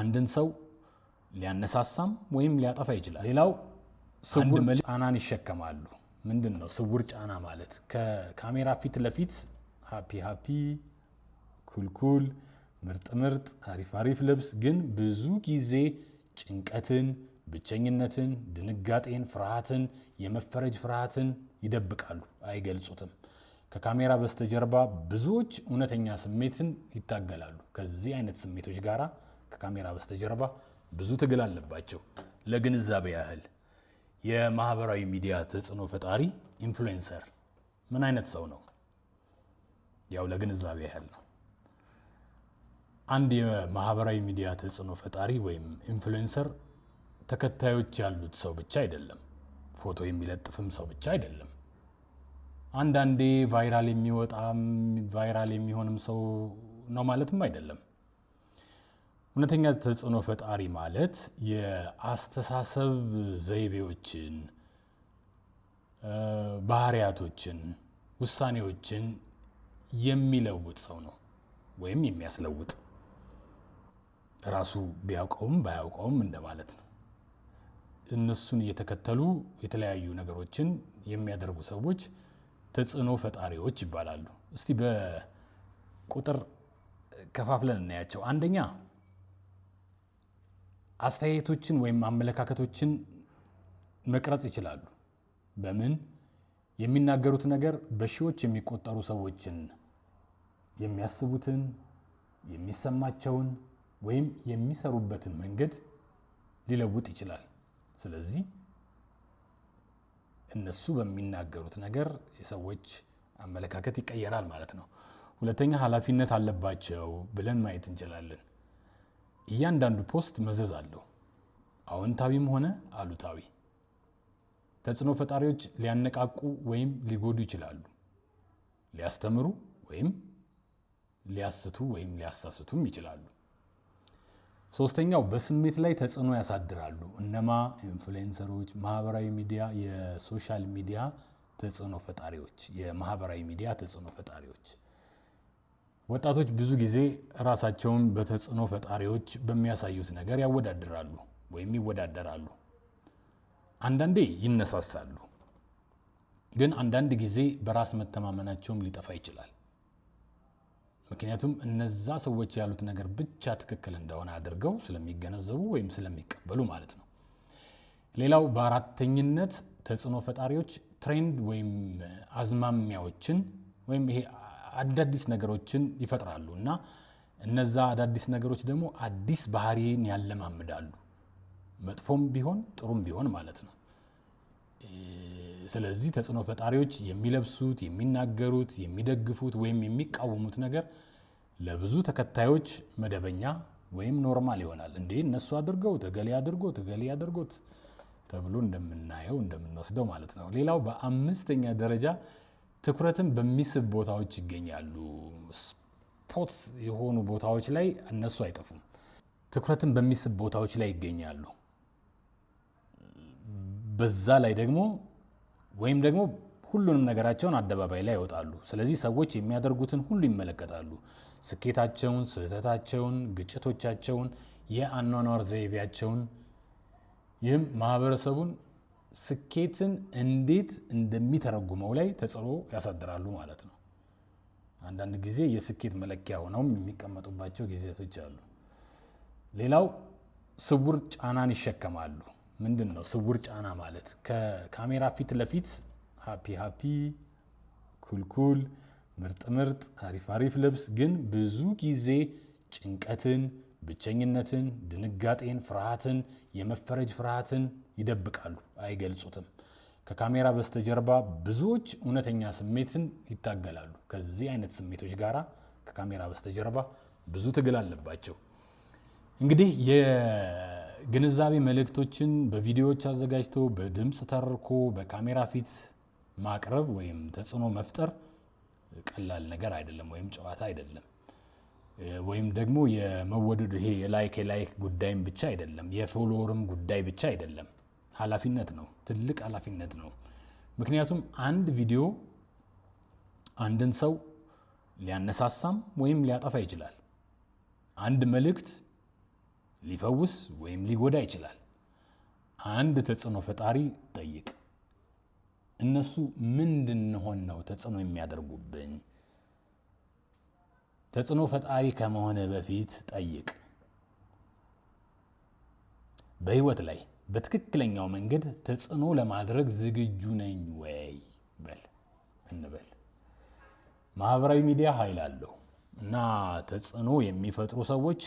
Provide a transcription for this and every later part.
አንድን ሰው ሊያነሳሳም ወይም ሊያጠፋ ይችላል። ሌላው ስውር ጫናን ይሸከማሉ። ምንድን ነው ስውር ጫና ማለት? ከካሜራ ፊት ለፊት ሀፒ ሀፒ፣ ኩልኩል፣ ምርጥ ምርጥ፣ አሪፍ አሪፍ ልብስ፣ ግን ብዙ ጊዜ ጭንቀትን፣ ብቸኝነትን፣ ድንጋጤን፣ ፍርሃትን፣ የመፈረጅ ፍርሃትን ይደብቃሉ፣ አይገልጹትም። ከካሜራ በስተጀርባ ብዙዎች እውነተኛ ስሜትን ይታገላሉ። ከዚህ አይነት ስሜቶች ጋራ ከካሜራ በስተጀርባ ብዙ ትግል አለባቸው። ለግንዛቤ ያህል የማህበራዊ ሚዲያ ተጽዕኖ ፈጣሪ ኢንፍሉዌንሰር ምን አይነት ሰው ነው? ያው ለግንዛቤ ያህል ነው። አንድ የማህበራዊ ሚዲያ ተጽዕኖ ፈጣሪ ወይም ኢንፍሉዌንሰር ተከታዮች ያሉት ሰው ብቻ አይደለም፣ ፎቶ የሚለጥፍም ሰው ብቻ አይደለም። አንዳንዴ ቫይራል የሚወጣም ቫይራል የሚሆንም ሰው ነው ማለትም አይደለም። እውነተኛ ተጽዕኖ ፈጣሪ ማለት የአስተሳሰብ ዘይቤዎችን፣ ባህሪያቶችን፣ ውሳኔዎችን የሚለውጥ ሰው ነው ወይም የሚያስለውጥ ራሱ ቢያውቀውም ባያውቀውም እንደማለት ነው። እነሱን እየተከተሉ የተለያዩ ነገሮችን የሚያደርጉ ሰዎች ተጽዕኖ ፈጣሪዎች ይባላሉ። እስቲ በቁጥር ከፋፍለን እናያቸው። አንደኛ አስተያየቶችን ወይም አመለካከቶችን መቅረጽ ይችላሉ። በምን የሚናገሩት ነገር በሺዎች የሚቆጠሩ ሰዎችን የሚያስቡትን፣ የሚሰማቸውን ወይም የሚሰሩበትን መንገድ ሊለውጥ ይችላል። ስለዚህ እነሱ በሚናገሩት ነገር የሰዎች አመለካከት ይቀየራል ማለት ነው። ሁለተኛ ኃላፊነት አለባቸው ብለን ማየት እንችላለን። እያንዳንዱ ፖስት መዘዝ አለው፣ አዎንታዊም ሆነ አሉታዊ። ተጽዕኖ ፈጣሪዎች ሊያነቃቁ ወይም ሊጎዱ ይችላሉ። ሊያስተምሩ ወይም ሊያስቱ ወይም ሊያሳስቱም ይችላሉ። ሶስተኛው በስሜት ላይ ተጽዕኖ ያሳድራሉ። እነማ ኢንፍሉዌንሰሮች፣ ማህበራዊ ሚዲያ፣ የሶሻል ሚዲያ ተጽዕኖ ፈጣሪዎች፣ የማህበራዊ ሚዲያ ተጽዕኖ ፈጣሪዎች ወጣቶች ብዙ ጊዜ ራሳቸውን በተጽዕኖ ፈጣሪዎች በሚያሳዩት ነገር ያወዳድራሉ ወይም ይወዳደራሉ። አንዳንዴ ይነሳሳሉ፣ ግን አንዳንድ ጊዜ በራስ መተማመናቸውም ሊጠፋ ይችላል። ምክንያቱም እነዛ ሰዎች ያሉት ነገር ብቻ ትክክል እንደሆነ አድርገው ስለሚገነዘቡ ወይም ስለሚቀበሉ ማለት ነው። ሌላው በአራተኝነት ተጽዕኖ ፈጣሪዎች ትሬንድ ወይም አዝማሚያዎችን ወይም ይሄ አዳዲስ ነገሮችን ይፈጥራሉ እና እነዛ አዳዲስ ነገሮች ደግሞ አዲስ ባህሪን ያለማምዳሉ። መጥፎም ቢሆን ጥሩም ቢሆን ማለት ነው። ስለዚህ ተጽዕኖ ፈጣሪዎች የሚለብሱት፣ የሚናገሩት፣ የሚደግፉት ወይም የሚቃወሙት ነገር ለብዙ ተከታዮች መደበኛ ወይም ኖርማል ይሆናል። እንዴ እነሱ አድርገው እገሌ አድርጎት እገሌ አድርጎት ተብሎ እንደምናየው እንደምንወስደው ማለት ነው። ሌላው በአምስተኛ ደረጃ ትኩረትን በሚስብ ቦታዎች ይገኛሉ። ስፖት የሆኑ ቦታዎች ላይ እነሱ አይጠፉም። ትኩረትን በሚስብ ቦታዎች ላይ ይገኛሉ። በዛ ላይ ደግሞ ወይም ደግሞ ሁሉንም ነገራቸውን አደባባይ ላይ ይወጣሉ። ስለዚህ ሰዎች የሚያደርጉትን ሁሉ ይመለከታሉ። ስኬታቸውን፣ ስህተታቸውን፣ ግጭቶቻቸውን፣ የአኗኗር ዘይቤያቸውን ይህም ማህበረሰቡን ስኬትን እንዴት እንደሚተረጉመው ላይ ተጽዕኖ ያሳድራሉ ማለት ነው። አንዳንድ ጊዜ የስኬት መለኪያ ሆነውም የሚቀመጡባቸው ጊዜቶች አሉ። ሌላው ስውር ጫናን ይሸከማሉ። ምንድን ነው ስውር ጫና ማለት? ከካሜራ ፊት ለፊት ሀፒ ሀፒ፣ ኩልኩል፣ ምርጥ ምርጥ፣ አሪፍ አሪፍ ልብስ ግን ብዙ ጊዜ ጭንቀትን፣ ብቸኝነትን፣ ድንጋጤን፣ ፍርሃትን፣ የመፈረጅ ፍርሃትን ይደብቃሉ፣ አይገልጹትም። ከካሜራ በስተጀርባ ብዙዎች እውነተኛ ስሜትን ይታገላሉ። ከዚህ አይነት ስሜቶች ጋር ከካሜራ በስተጀርባ ብዙ ትግል አለባቸው። እንግዲህ የግንዛቤ መልእክቶችን በቪዲዮዎች አዘጋጅቶ በድምፅ ተርኮ በካሜራ ፊት ማቅረብ ወይም ተጽዕኖ መፍጠር ቀላል ነገር አይደለም፣ ወይም ጨዋታ አይደለም። ወይም ደግሞ የመወደዱ ይሄ የላይክ የላይክ ጉዳይም ብቻ አይደለም፣ የፎሎወርም ጉዳይ ብቻ አይደለም። ኃላፊነት ነው፣ ትልቅ ኃላፊነት ነው። ምክንያቱም አንድ ቪዲዮ አንድን ሰው ሊያነሳሳም ወይም ሊያጠፋ ይችላል። አንድ መልእክት ሊፈውስ ወይም ሊጎዳ ይችላል። አንድ ተጽዕኖ ፈጣሪ ጠይቅ። እነሱ ምንድንሆን ነው ተጽዕኖ የሚያደርጉብኝ? ተጽዕኖ ፈጣሪ ከመሆነ በፊት ጠይቅ። በህይወት ላይ በትክክለኛው መንገድ ተጽዕኖ ለማድረግ ዝግጁ ነኝ ወይ በል እንበል። ማህበራዊ ሚዲያ ኃይል አለው እና ተጽዕኖ የሚፈጥሩ ሰዎች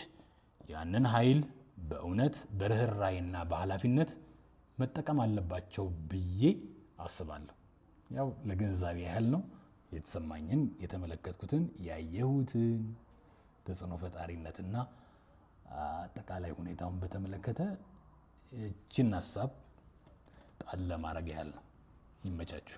ያንን ኃይል በእውነት በርኅራይና በኃላፊነት መጠቀም አለባቸው ብዬ አስባለሁ። ያው ለግንዛቤ ያህል ነው። የተሰማኝን የተመለከትኩትን ያየሁትን ተጽዕኖ ፈጣሪነትና አጠቃላይ ሁኔታውን በተመለከተ እችን ሀሳብ ጣል ለማድረግ ያህል ነው። ይመቻችሁ።